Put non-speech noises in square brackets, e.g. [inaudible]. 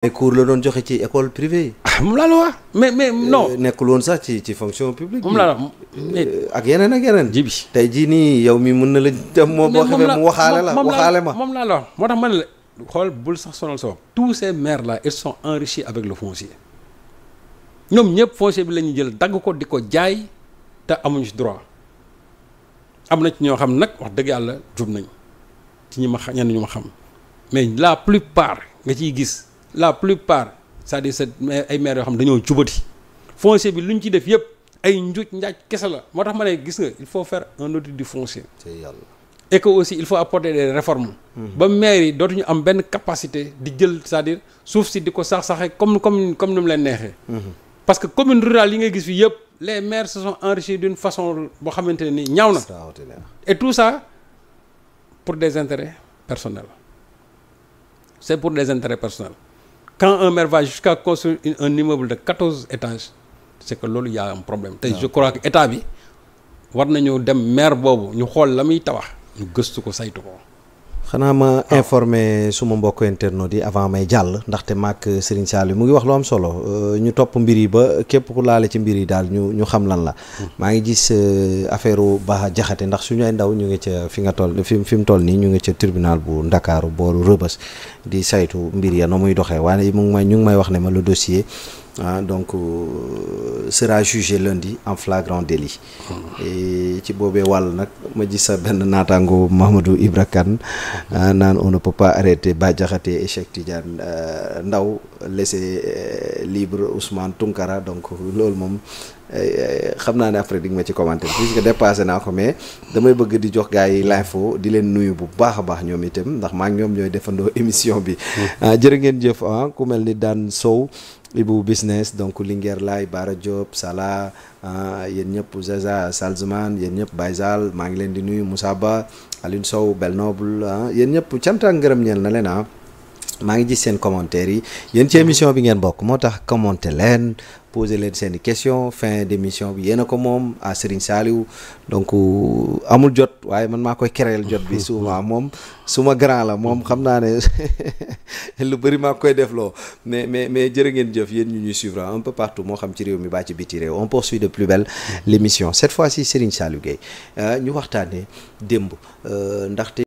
ay cours la doon joxe ci école privée yi. ah moom laa la wax mais mais euh, non. nekkul sax ci ci fonction publique. moom laa la euh, ak yeneen ak yeneen. ji tey jii nii yow mi mën na la. te moom boo la moom laa la wax moo tax ma ne la xool bul sax sonal sa bopp. tous ces maires là ils sont enrichis avec le ñëpp foncier bi la ñuy dagg ko di ko jaay te amuñu ci droit am na ci ñoo xam nag wax dëgg yàlla jub nañ ci ñi ma xam ñenn ñu ma xam mais la plupart nga ciy gis. la plupart c'est-à-dire c'est ay maires yoo xam dañoo jubati foncier bi lu ñu ci def yëpp ay njuuj njaaj kese la moo tax ma ne gis nga il faut faire un audit du foncier. et que aussi il faut apporter des réformes. Mhm. ba maires yi dootuñu am benn capacité di jël cest dire suuf si di ko sax saxee comme comme comme ni mu leen neexee. Mhm. parce que commune rurale yi nga gis fii yëpp les maires se sont enrichis d'une façon boo xamante ne nii ñaaw na. et tout ça pour des intérêts personnels. c'est pour des intérêts personnels. quand un maire va jusqu'à construire un immeuble de quatorze étages c'est que loolu yaa am problème tey ah. je crois que état bi war nañu dem maire boobu ñu xool la muy tabax ñu gëstu ko saytu ko xanaa ma informé suma mbokk internautes di avant may jàll ndaxte maak Serigne Saliou mu ngi wax lu am solo euh, ñu topp mbir yi ba képp ku laale ci mbir yi daal ñu ñu xam lan la. Mm. maa ngi gis euh, affaire a jaxate ndax suñu ay ndaw ñu ngi ca fi nga toll fi fi mu toll nii ñu ngi ca tribunal bu Ndakaaru booru Rëbës di saytu mbir ya no muy doxee waaye mu ngi may ñu ngi may wax ne ma le dossier. Ah, donc euh, sera lundi en flagrant délit hmm. et ci boobee wàll nag ma ji sa benn naataango Mahamadou Ibra Kane ah, naan on ne peut pas arrêter Bah Diakhaté et euh, laisser euh, libre Ousmane Tounkara donc loolu moom xam naa ne après di nga ma ci commenter puisque dépassé naa ko mais damay bëgg di jox gars yi l'info di leen nuyu bu baax a baax ñoom itam ndax maa ñoom ñooy defandoo [laughs] émission bi. Hmm. Ah, jër ngeen jëf ah ku mel ni daan Sow. Ibu business donc Linguère Laay Bara Diop Salah ah, yéen ñëpp Zaza Salzman yéen ñëpp Baysal maa ngi leen di nuyu Moussa Ba Aline Sow Belnoble ah, yéen ñëpp cant ak ngërëm ñeel na leen ah. maa ngi gis seen commentaire yi yéen ci émission bi ngeen bokk moo tax commenté leen posé leen seen i question fin d' émission bi yéen ko moom à Serigne Saliou donc euh, amul jot waaye man maa koy kereel jot bi souvent moom suma grand la moom xam naa ne [laughs] lu bëri maa koy def loo mais mais mais jërë ngeen jëf yéen ñu ñuy suivre un peu partout moo xam ci réew mi baa bi biti réew on poursuit de plus belle l' émission cette fois ci Serigne Saliou Gueye euh, ñu waxtaanee démb euh, ndaxte.